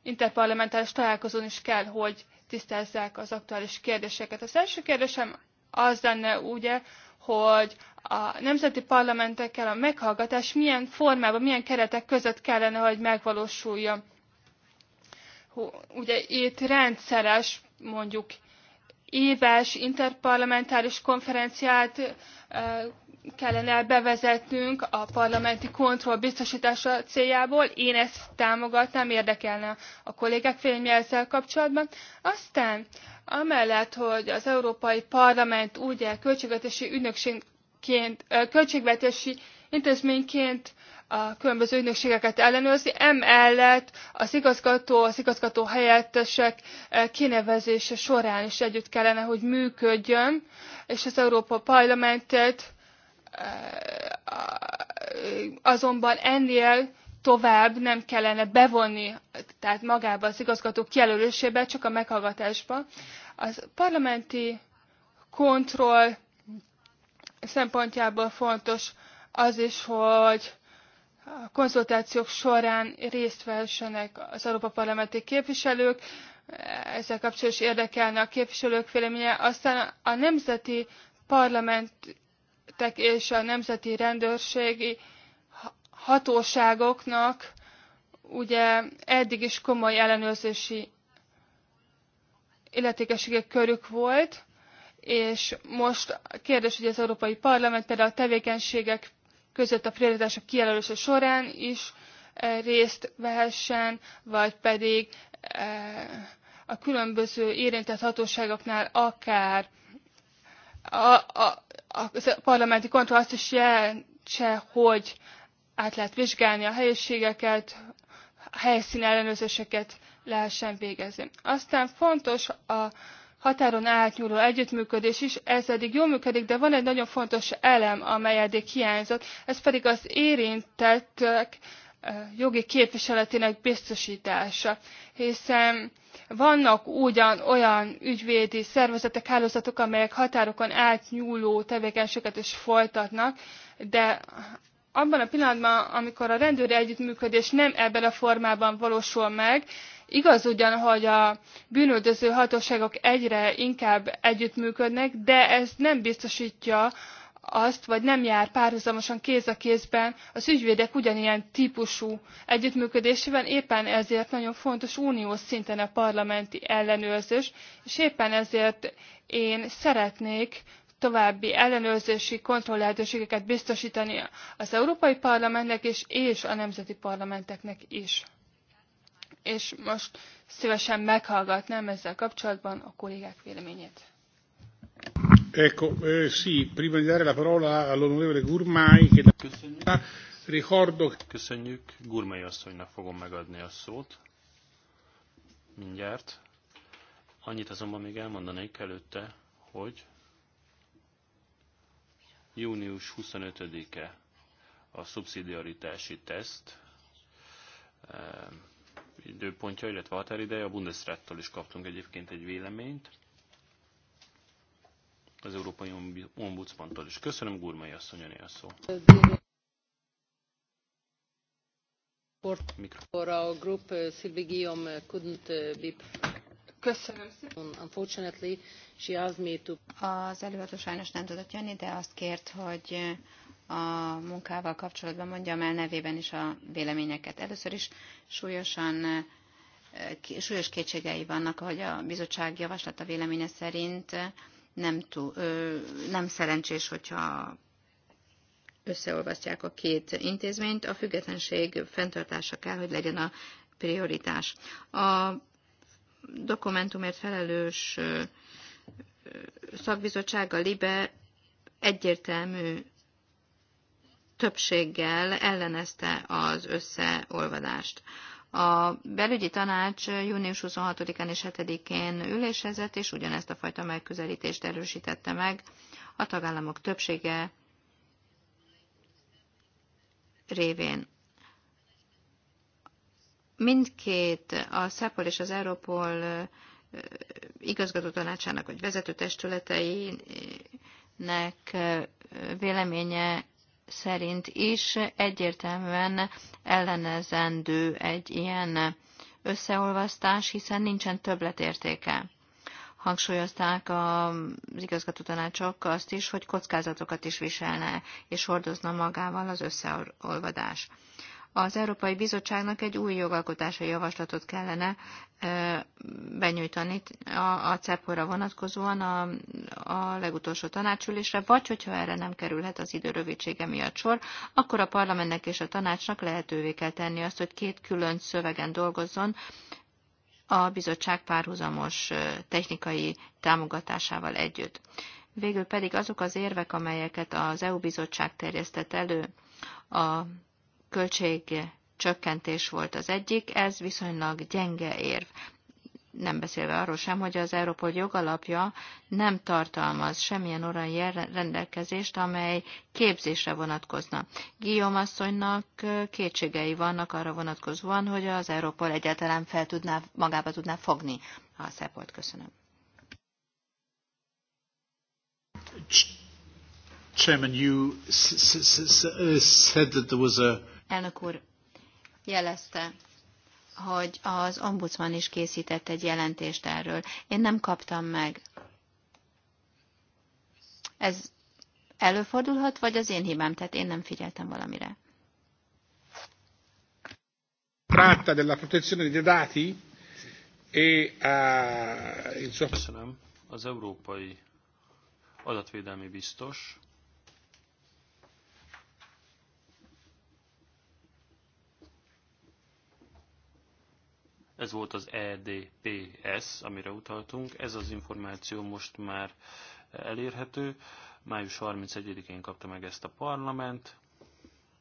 interparlamentális találkozón is kell, hogy tisztázzák az aktuális kérdéseket. Az első kérdésem az lenne ugye, hogy a nemzeti parlamentekkel a meghallgatás milyen formában, milyen keretek között kellene, hogy megvalósuljon. Ugye itt rendszeres, mondjuk éves interparlamentáris konferenciát kellene bevezetnünk a parlamenti kontroll biztosítása céljából. Én ezt támogatnám, érdekelne a kollégák véleménye ezzel kapcsolatban. Aztán amellett, hogy az Európai Parlament ugye költségvetési ügynökségként, költségvetési intézményként a különböző ügynökségeket ellenőrzi, emellett az igazgató, az igazgató helyettesek eh, kinevezése során is együtt kellene, hogy működjön, és az Európa Parlamentet eh, azonban ennél tovább nem kellene bevonni, tehát magába az igazgató kijelölésébe, csak a meghallgatásba. Az parlamenti kontroll szempontjából fontos az is, hogy a konzultációk során részt vehessenek az Európa Parlamenti képviselők, ezzel kapcsolatos érdekelne a képviselők véleménye. Aztán a nemzeti parlamentek és a nemzeti rendőrségi hatóságoknak ugye eddig is komoly ellenőrzési illetékesége körük volt, és most a kérdés, hogy az Európai Parlament például a tevékenységek között a prioritások kijelölése során is e, részt vehessen, vagy pedig e, a különböző érintett hatóságoknál akár a, a, a, parlamenti kontroll azt is jelentse, hogy át lehet vizsgálni a helyiségeket, a helyszín ellenőrzéseket lehessen végezni. Aztán fontos a határon átnyúló együttműködés is, ez eddig jól működik, de van egy nagyon fontos elem, amely eddig hiányzott, ez pedig az érintettek jogi képviseletének biztosítása, hiszen vannak ugyan olyan ügyvédi szervezetek, hálózatok, amelyek határokon átnyúló tevékenységet is folytatnak, de abban a pillanatban, amikor a rendőri együttműködés nem ebben a formában valósul meg, Igaz ugyan, hogy a bűnöldöző hatóságok egyre inkább együttműködnek, de ez nem biztosítja azt, vagy nem jár párhuzamosan kéz a kézben az ügyvédek ugyanilyen típusú együttműködésében, éppen ezért nagyon fontos uniós szinten a parlamenti ellenőrzés, és éppen ezért én szeretnék további ellenőrzési kontrolllehetőségeket biztosítani az Európai Parlamentnek és, és a nemzeti parlamenteknek is és most szívesen meghallgatnám ezzel kapcsolatban a kollégák véleményét. Ecco, eh, sì, prima di dare la parola all'onorevole Gurmai, che da... Köszönjük. Ricordo... Köszönjük, Gurmai asszonynak fogom megadni a szót. Mindjárt. Annyit azonban még elmondanék előtte, hogy június 25-e a szubszidiaritási teszt, időpontja, illetve határideje. A Bundesrattól is kaptunk egyébként egy véleményt. Az Európai Ombudsmantól is. Köszönöm, Gurmai asszony, a szó. For our group, uh, Sylvie Guillaume uh, couldn't uh, be... Köszönöm Unfortunately, she asked me to... Az előadó sajnos nem tudott jönni, de azt kért, hogy a munkával kapcsolatban mondjam el nevében is a véleményeket. Először is súlyosan eh, súlyos kétségei vannak, ahogy a bizottság javaslata véleménye szerint nem, túl, nem szerencsés, hogyha összeolvasztják a két intézményt. A függetlenség fenntartása kell, hogy legyen a prioritás. A dokumentumért felelős szakbizottság, a LIBE egyértelmű többséggel ellenezte az összeolvadást. A belügyi tanács június 26-án és 7-én ülésezett, és ugyanezt a fajta megközelítést erősítette meg. A tagállamok többsége révén. Mindkét, a SZEPOL és az Európol igazgató tanácsának vagy vezető testületeinek véleménye szerint is egyértelműen ellenezendő egy ilyen összeolvasztás, hiszen nincsen többletértéke. Hangsúlyozták az tanácsok azt is, hogy kockázatokat is viselne és hordozna magával az összeolvadás az Európai Bizottságnak egy új jogalkotási javaslatot kellene benyújtani a, a CEPOR-ra vonatkozóan a, a legutolsó tanácsülésre, vagy hogyha erre nem kerülhet az idő rövidsége miatt sor, akkor a parlamentnek és a tanácsnak lehetővé kell tenni azt, hogy két külön szövegen dolgozzon, a bizottság párhuzamos technikai támogatásával együtt. Végül pedig azok az érvek, amelyeket az EU bizottság terjesztett elő a költség csökkentés volt az egyik, ez viszonylag gyenge érv. Nem beszélve arról sem, hogy az Európol jogalapja nem tartalmaz semmilyen olyan rendelkezést, amely képzésre vonatkozna. Guillaume asszonynak kétségei vannak arra vonatkozóan, hogy az Európol egyáltalán fel tudná, magába tudná fogni a szepolt. Köszönöm. Chairman, you said that there was a elnök úr jelezte, hogy az ombudsman is készített egy jelentést erről. Én nem kaptam meg. Ez előfordulhat, vagy az én hibám, tehát én nem figyeltem valamire. Tratta della protezione dei dati e eh, il suo Köszönöm. Az európai adatvédelmi biztos Ez volt az EDPS, amire utaltunk. Ez az információ most már elérhető. Május 31-én kapta meg ezt a parlament,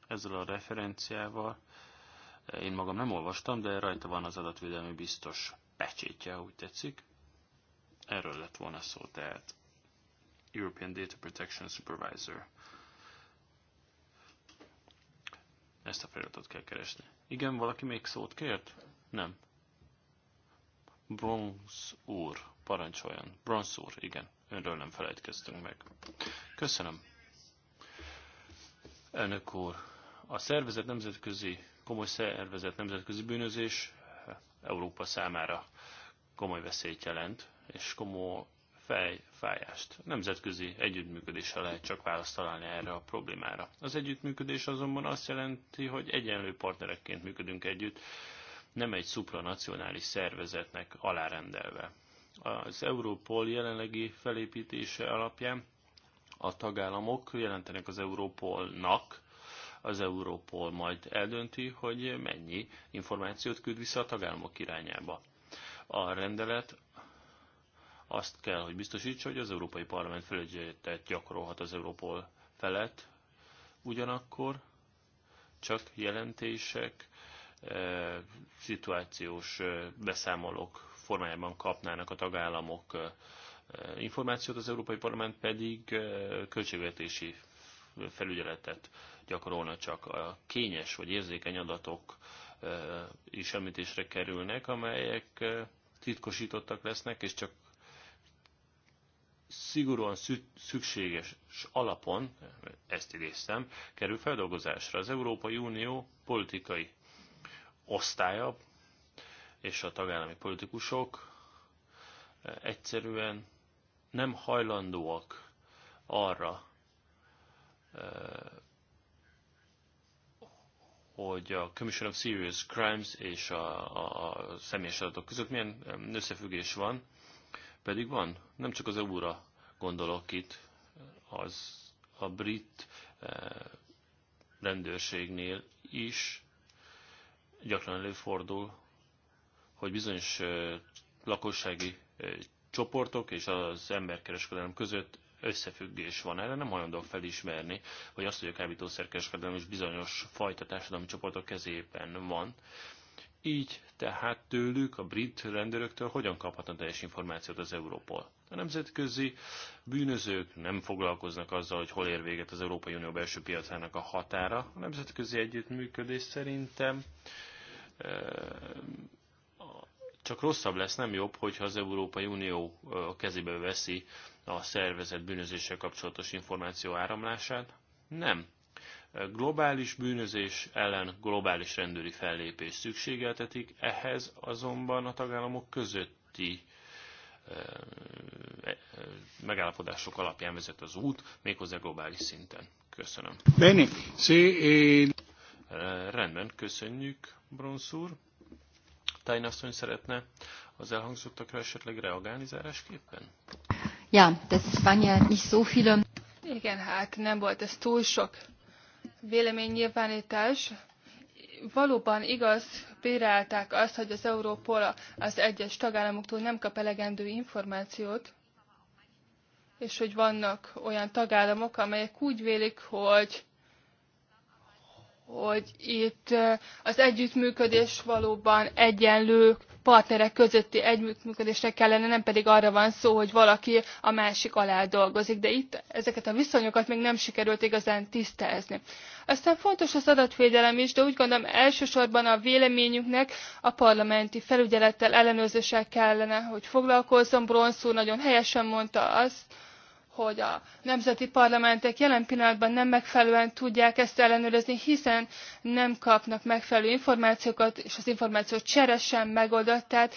ezzel a referenciával. Én magam nem olvastam, de rajta van az adatvédelmi biztos pecsétje, úgy tetszik. Erről lett volna szó, tehát European Data Protection Supervisor. Ezt a feliratot kell keresni. Igen, valaki még szót kért? Nem. Bronz úr, parancsoljon. Bronz úr, igen, önről nem felejtkeztünk meg. Köszönöm. Elnök úr, a szervezet nemzetközi, komoly szervezet nemzetközi bűnözés eh, Európa számára komoly veszélyt jelent, és komoly fejfájást. Nemzetközi együttműködéssel lehet csak választ találni erre a problémára. Az együttműködés azonban azt jelenti, hogy egyenlő partnerekként működünk együtt, nem egy supranacionális szervezetnek alárendelve. Az Európol jelenlegi felépítése alapján a tagállamok jelentenek az Európolnak, az Európol majd eldönti, hogy mennyi információt küld vissza a tagállamok irányába. A rendelet azt kell, hogy biztosítsa, hogy az Európai Parlament felügyeletet gyakorolhat az Európol felett, ugyanakkor csak jelentések szituációs beszámolók formájában kapnának a tagállamok információt, az Európai Parlament pedig költségvetési felügyeletet gyakorolna csak a kényes vagy érzékeny adatok is említésre kerülnek, amelyek titkosítottak lesznek, és csak szigorúan szükséges alapon, ezt idéztem, kerül feldolgozásra. Az Európai Unió politikai osztálya és a tagállami politikusok eh, egyszerűen nem hajlandóak arra, eh, hogy a Commission of Serious Crimes és a, a személyes adatok között milyen eh, összefüggés van, pedig van. Nem csak az EU-ra gondolok itt, az a brit rendőrségnél is gyakran előfordul, hogy bizonyos lakossági csoportok és az emberkereskedelem között összefüggés van. Erre nem hajlandóak felismerni, hogy azt, hogy a kábítószerkereskedelem is bizonyos fajta társadalmi csoportok kezében van. Így tehát tőlük, a brit rendőröktől hogyan kaphatna teljes információt az Európol? A nemzetközi bűnözők nem foglalkoznak azzal, hogy hol ér véget az Európai Unió belső piacának a határa. A nemzetközi együttműködés szerintem csak rosszabb lesz, nem jobb, hogyha az Európai Unió kezébe veszi a szervezet bűnözéssel kapcsolatos információ áramlását. Nem. Globális bűnözés ellen globális rendőri fellépés szükségeltetik, ehhez azonban a tagállamok közötti e, megállapodások alapján vezet az út, méghozzá globális szinten. Köszönöm. Benny. see, eh... Rendben, köszönjük. Bronszúr. úr. Tájn asszony szeretne az elhangzottakra esetleg reagálni zárásképpen? Ja, de ez is nicht so Igen, hát nem volt ez túl sok véleménynyilvánítás. Valóban igaz, bérelták azt, hogy az Európol az egyes tagállamoktól nem kap elegendő információt, és hogy vannak olyan tagállamok, amelyek úgy vélik, hogy hogy itt az együttműködés valóban egyenlő partnerek közötti együttműködésre kellene, nem pedig arra van szó, hogy valaki a másik alá dolgozik, de itt ezeket a viszonyokat még nem sikerült igazán tisztázni. Aztán fontos az adatvédelem is, de úgy gondolom elsősorban a véleményünknek a parlamenti felügyelettel, ellenőrzéssel kellene, hogy foglalkozzon. Bronsz úr nagyon helyesen mondta azt, hogy a nemzeti parlamentek jelen pillanatban nem megfelelően tudják ezt ellenőrizni, hiszen nem kapnak megfelelő információkat, és az információ csere sem megoldott, tehát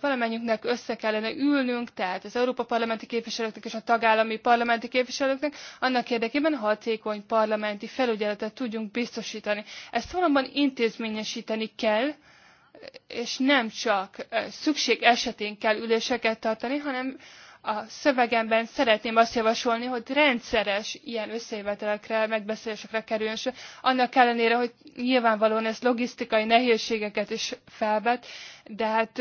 valamennyünknek össze kellene ülnünk, tehát az Európa parlamenti képviselőknek és a tagállami parlamenti képviselőknek, annak érdekében hatékony parlamenti felügyeletet tudjunk biztosítani. Ezt valóban intézményesíteni kell, és nem csak szükség esetén kell üléseket tartani, hanem a szövegemben szeretném azt javasolni, hogy rendszeres ilyen összejövetelekre, megbeszélésekre kerüljön sor. Annak ellenére, hogy nyilvánvalóan ez logisztikai nehézségeket is felvet, de hát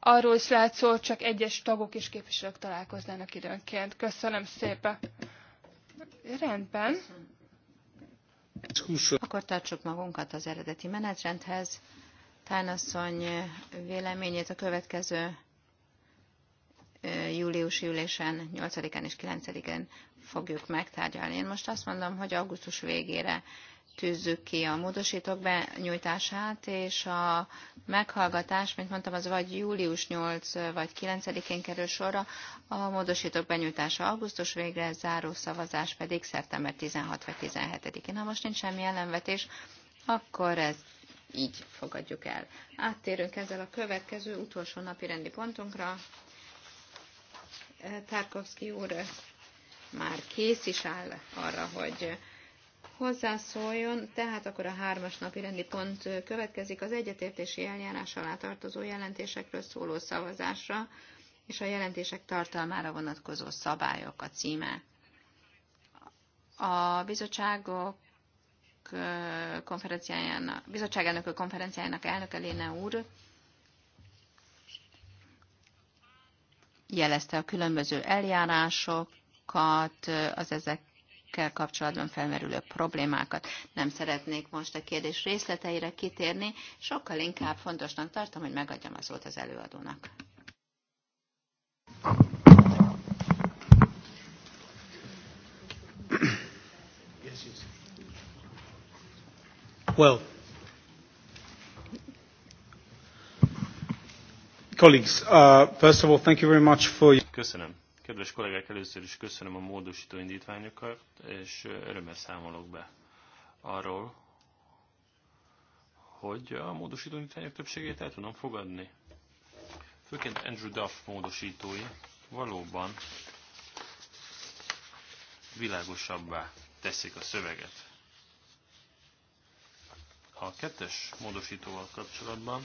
arról is lehet szó, csak egyes tagok és képviselők találkoznának időnként. Köszönöm szépen. Rendben. Akkor tartsuk magunkat az eredeti menetrendhez. Tánasszony véleményét a következő júliusi ülésen, 8-án és 9-én fogjuk megtárgyalni. Én most azt mondom, hogy augusztus végére tűzzük ki a módosítók benyújtását, és a meghallgatás, mint mondtam, az vagy július 8 vagy 9-én kerül sorra, a módosítók benyújtása augusztus végre, záró szavazás pedig szeptember 16 vagy 17-én. Ha most nincs semmi ellenvetés, akkor ez így fogadjuk el. Áttérünk ezzel a következő utolsó napi rendi pontunkra, Tarkovsky úr már kész is áll arra, hogy hozzászóljon, tehát akkor a hármas napi rendi pont következik az egyetértési eljárás alá tartozó jelentésekről szóló szavazásra és a jelentések tartalmára vonatkozó szabályok a címe. A bizottságok konferenciájának, bizottságelnökök konferenciájának elnöke Léne úr jelezte a különböző eljárásokat, az ezekkel kapcsolatban felmerülő problémákat. Nem szeretnék most a kérdés részleteire kitérni, sokkal inkább fontosnak tartom, hogy megadjam az szót az előadónak. Well, Köszönöm. Kedves kollégák, először is köszönöm a módosító indítványokat, és örömmel számolok be arról, hogy a módosító indítványok többségét el tudom fogadni. Főként Andrew Duff módosítói valóban világosabbá teszik a szöveget. A kettes módosítóval kapcsolatban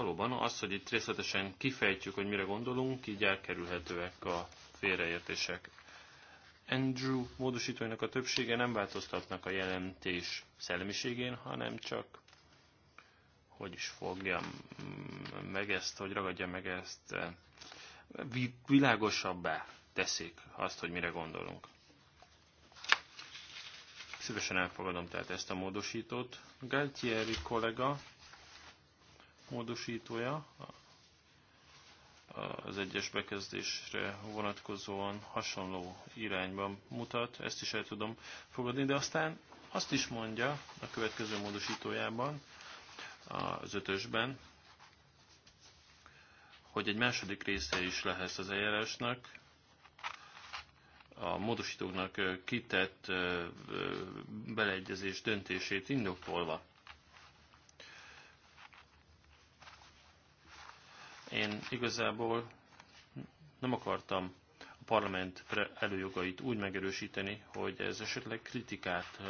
valóban az, hogy itt részletesen kifejtjük, hogy mire gondolunk, így elkerülhetőek a félreértések. Andrew módosítóinak a többsége nem változtatnak a jelentés szellemiségén, hanem csak hogy is fogjam meg ezt, hogy ragadjam meg ezt, világosabbá teszik azt, hogy mire gondolunk. Szívesen elfogadom tehát ezt a módosítót. Galtieri kollega módosítója az egyes bekezdésre vonatkozóan hasonló irányban mutat, ezt is el tudom fogadni, de aztán azt is mondja a következő módosítójában, az ötösben, hogy egy második része is lehet az eljárásnak, a módosítóknak kitett beleegyezés döntését indokolva. Én igazából nem akartam a parlament előjogait úgy megerősíteni, hogy ez esetleg kritikát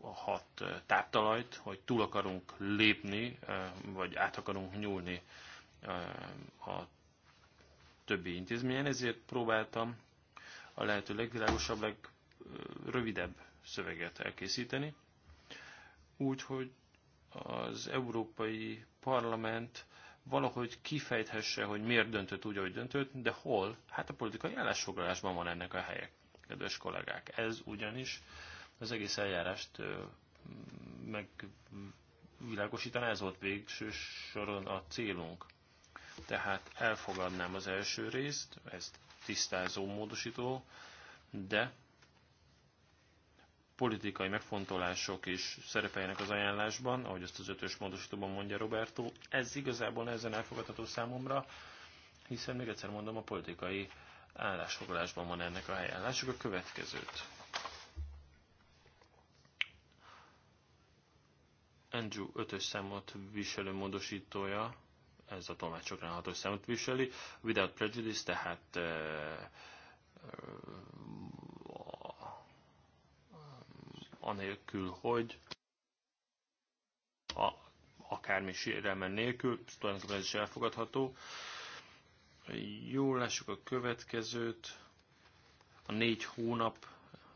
a hat táptalajt, hogy túl akarunk lépni, vagy át akarunk nyúlni a többi intézményen, ezért próbáltam a lehető legvilágosabb, legrövidebb szöveget elkészíteni. Úgyhogy az Európai Parlament valahogy kifejthesse, hogy miért döntött úgy, ahogy döntött, de hol? Hát a politikai állásfoglalásban van ennek a helye, kedves kollégák. Ez ugyanis az egész eljárást megvilágosítaná, ez volt végső soron a célunk. Tehát elfogadnám az első részt, ezt tisztázó módosító, de politikai megfontolások is szerepeljenek az ajánlásban, ahogy azt az ötös módosítóban mondja Roberto. Ez igazából nehezen elfogadható számomra, hiszen még egyszer mondom, a politikai állásfoglalásban van ennek a helyen. Lássuk a következőt. Andrew 5-ös számot viselő módosítója, ez a tolmácsokra 6-os számot viseli, without prejudice, tehát eh, anélkül, hogy a, akármi sérelmen nélkül, tulajdonképpen ez is elfogadható. Jól lássuk a következőt. A négy hónap,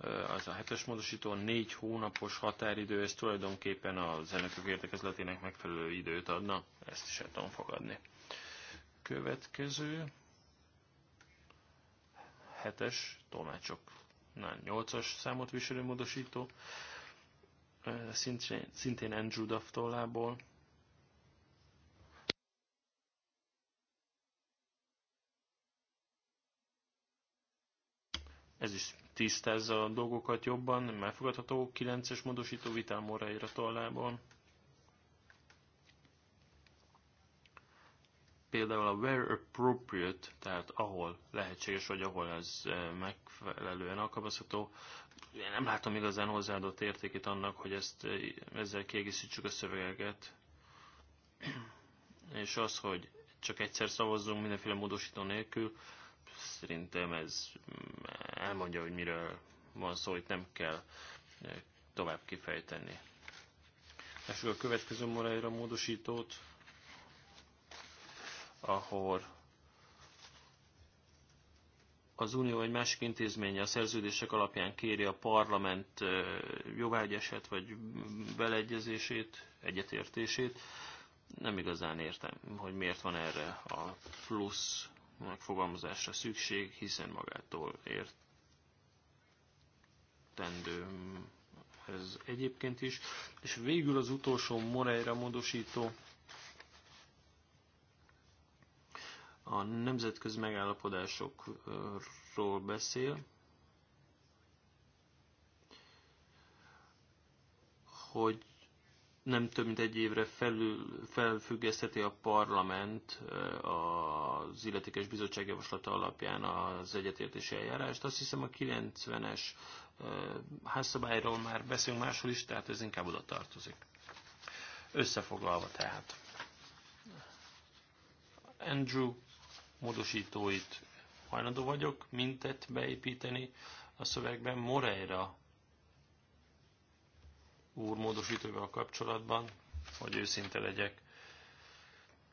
eh, az a hetes módosító, a négy hónapos határidő, ez tulajdonképpen az elnökök értekezletének megfelelő időt adna, ezt is el tudom fogadni. Következő, hetes tolmácsok 8-as számot viselő módosító, szintén, szintén Andrew Duff tollából. Ez is tisztázza a dolgokat jobban, megfogadható 9-es módosító Vitál Moreira tollából. például a where appropriate, tehát ahol lehetséges, vagy ahol ez eh, megfelelően alkalmazható, én nem látom igazán hozzáadott értékét annak, hogy ezt eh, ezzel kiegészítsük a szövegeket. És az, hogy csak egyszer szavazzunk mindenféle módosító nélkül, szerintem ez mm, elmondja, hogy miről van szó, itt nem kell eh, tovább kifejteni. Lássuk a következő morályra módosítót ahol az Unió egy másik intézménye a szerződések alapján kéri a parlament jogágyeshet vagy beleegyezését, egyetértését. Nem igazán értem, hogy miért van erre a plusz megfogalmazásra szükség, hiszen magától értendő ez egyébként is. És végül az utolsó Moreira módosító a nemzetközi megállapodásokról beszél, hogy nem több mint egy évre felül, felfüggesztheti a parlament eh, az illetékes bizottság javaslata alapján az egyetértési eljárást. Azt hiszem a 90-es eh, házszabályról már beszélünk máshol is, tehát ez inkább oda tartozik. Összefoglalva tehát. Andrew módosítóit hajlandó vagyok mintet beépíteni a szövegben. Moreira úr módosítóval kapcsolatban, hogy őszinte legyek,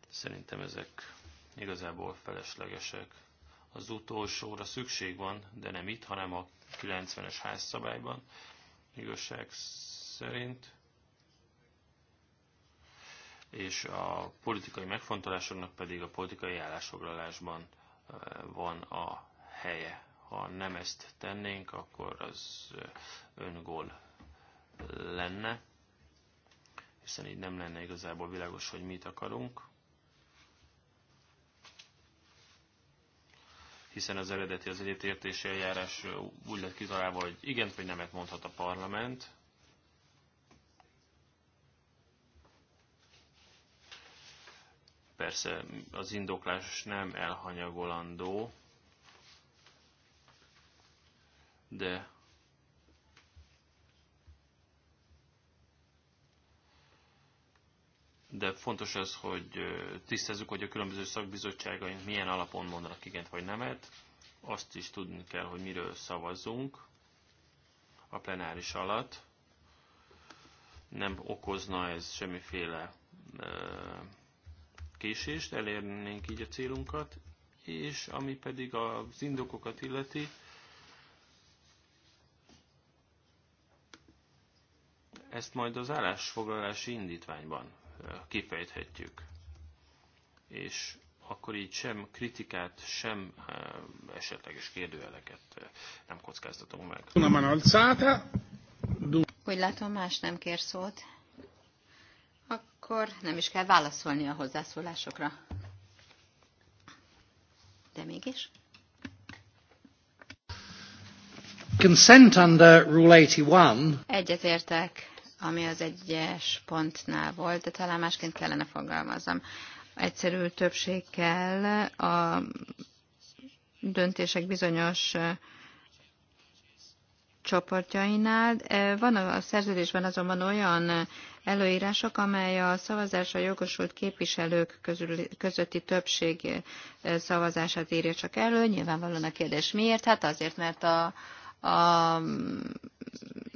szerintem ezek igazából feleslegesek. Az utolsóra szükség van, de nem itt, hanem a 90-es házszabályban. Igazság szerint és a politikai megfontolásoknak pedig a politikai állásfoglalásban van a helye. Ha nem ezt tennénk, akkor az öngól lenne, hiszen így nem lenne igazából világos, hogy mit akarunk. hiszen az eredeti az egyetértési eljárás úgy lett kitalálva, hogy igen, vagy nemet mondhat a parlament, Persze az indoklás nem elhanyagolandó, de de fontos az, hogy tisztázzuk, hogy a különböző szakbizottságaink milyen alapon mondanak igent vagy nemet. Azt is tudni kell, hogy miről szavazzunk a plenáris alatt. Nem okozna ez semmiféle késést, elérnénk így a célunkat, és ami pedig az indokokat illeti, ezt majd az állásfoglalási indítványban kifejthetjük. És akkor így sem kritikát, sem esetleges kérdőeleket nem kockáztatunk meg. Hogy látom, más nem kér szót akkor nem is kell válaszolni a hozzászólásokra. De mégis. Consent under Rule 81. Egyetértek, ami az egyes pontnál volt, de talán másként kellene fogalmazom. Egyszerű többség kell a döntések bizonyos csoportjainál. Van a szerződésben azonban olyan előírások, amely a szavazásra jogosult képviselők közül, közötti többség eh, szavazását írja csak elő. Nyilvánvalóan a kérdés miért? Hát azért, mert a, a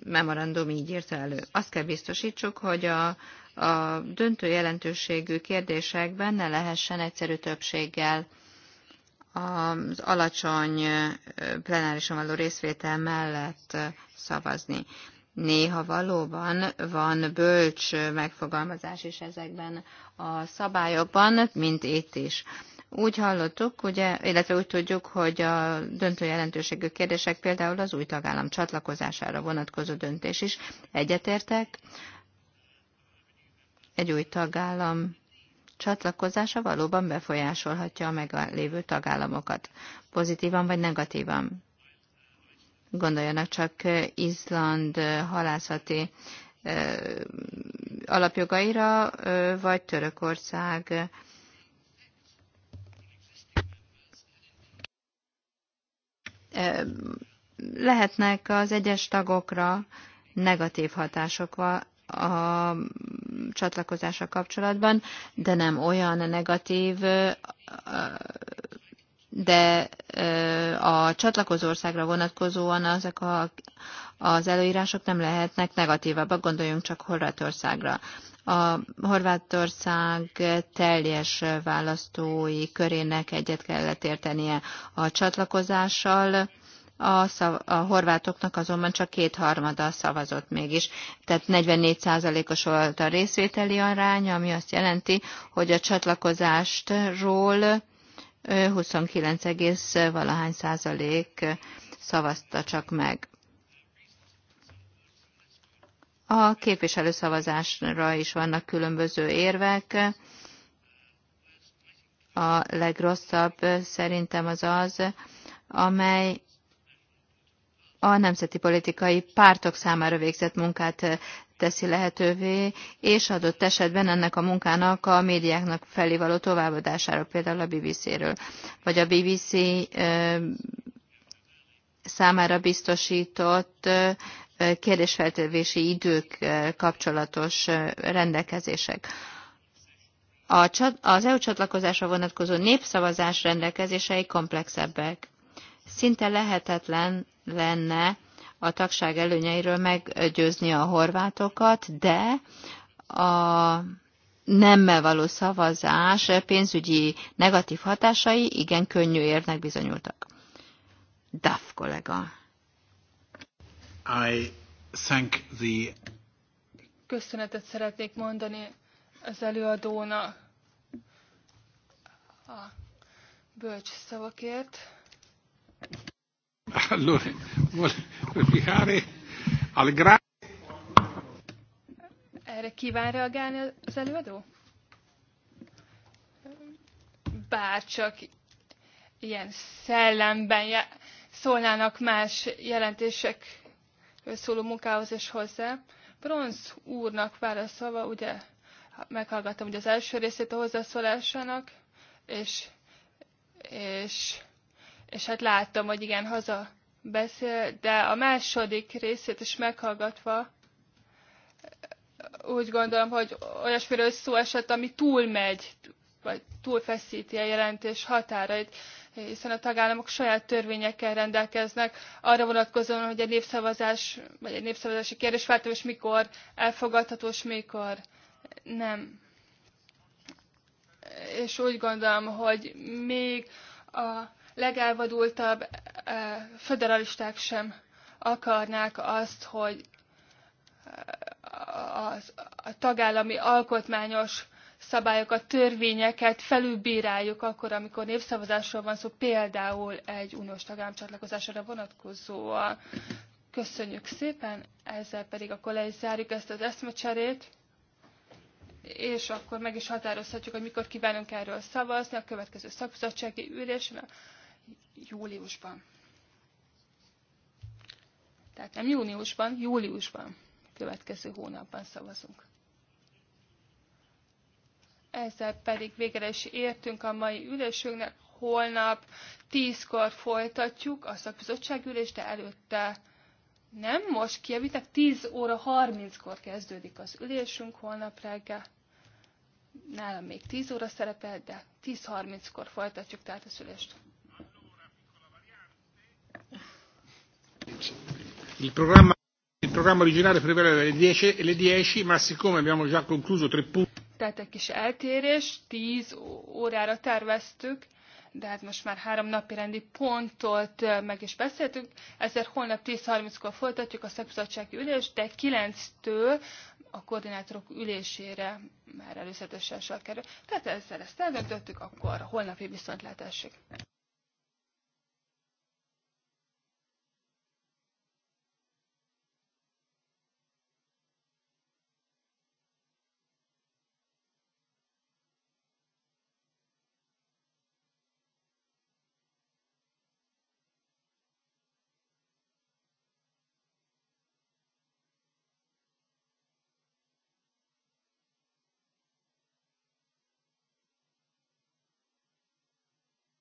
memorandum így írta elő. Azt kell biztosítsuk, hogy a, a döntő jelentőségű kérdésekben ne lehessen egyszerű többséggel az alacsony eh, plenárison való részvétel mellett eh, szavazni néha valóban van bölcs megfogalmazás is ezekben a szabályokban, mint itt is. Úgy hallottuk, ugye, illetve úgy tudjuk, hogy a döntő jelentőségű kérdések például az új tagállam csatlakozására vonatkozó döntés is egyetértek. Egy új tagállam csatlakozása valóban befolyásolhatja a meglévő tagállamokat, pozitívan vagy negatívan. Gondoljanak csak eh, Izland eh, halászati eh, alapjogaira, vagy Törökország lehetnek az egyes tagokra negatív hatások a csatlakozása kapcsolatban, de nem olyan negatív, de a csatlakozó országra vonatkozóan ezek a, az előírások nem lehetnek negatívabbak, gondoljunk csak Horvátországra. A Horvátország teljes választói körének egyet kellett értenie a csatlakozással, a, szav- a horvátoknak azonban csak kétharmada szavazott mégis. Tehát 44%-os volt a részvételi arány, ami azt jelenti, hogy a csatlakozástról 29, valahány százalék szavazta csak meg. A képviselőszavazásra is vannak különböző érvek. A legrosszabb szerintem az az, amely a nemzeti politikai pártok számára végzett munkát teszi lehetővé, és adott esetben ennek a munkának a médiáknak felé való továbbadására, például a BBC-ről, vagy a BBC számára biztosított kérdésfeltevési idők kapcsolatos rendelkezések. A, az EU csatlakozásra vonatkozó népszavazás rendelkezései komplexebbek. Szinte lehetetlen lenne a tagság előnyeiről meggyőzni a horvátokat, de a nemmel való szavazás pénzügyi negatív hatásai igen könnyű érnek bizonyultak. Duff kollega. I thank the... Köszönetet szeretnék mondani az előadónak a bölcs szavakért. Allora, vuole replicare al gra... Erre kíván reagálni az előadó? Bárcsak ilyen szellemben szólnának más jelentések szóló munkához és hozzá. Bronz úrnak válaszolva, ugye meghallgattam ugye az első részét a hozzászólásának, és, és és hát láttam, hogy igen, haza beszél, de a második részét is meghallgatva úgy gondolom, hogy olyasmiről szó esett, ami túlmegy, vagy túlfeszíti a jelentés határait, hiszen a tagállamok saját törvényekkel rendelkeznek, arra vonatkozóan, hogy egy népszavazás, vagy egy népszavazási kérdés és mikor elfogadható, és mikor nem. És úgy gondolom, hogy még a legelvadultabb föderalisták sem akarnák azt, hogy a tagállami alkotmányos szabályokat, törvényeket felülbíráljuk akkor, amikor népszavazásról van szó, például egy uniós tagállam csatlakozására vonatkozóan. Köszönjük szépen, ezzel pedig akkor le is zárjuk ezt az eszmecserét, és akkor meg is határozhatjuk, hogy mikor kívánunk erről szavazni a következő szakbizottsági ülésben júliusban. Tehát nem júniusban, júliusban következő hónapban szavazunk. Ezzel pedig végre is értünk a mai ülésünknek. Holnap tízkor folytatjuk a szakbizottságülést, de előtte nem, most kijavítek, 10 óra 30-kor kezdődik az ülésünk holnap reggel. Nálam még 10 óra szerepel, de 10.30-kor folytatjuk tehát a szülést. Il programma, il programma originale prevedeva le 10 e le 10, ma siccome abbiamo già concluso tre punti. Tehát egy kis eltérés, 10 órára terveztük, de hát most már három napi rendi pontot meg is beszéltünk, ezért holnap 10.30-kor folytatjuk a szakbizottsági ülést, de 9-től a koordinátorok ülésére már előzetesen sor kerül. Tehát ezzel ezt eldöntöttük, akkor holnapi viszontlátásig.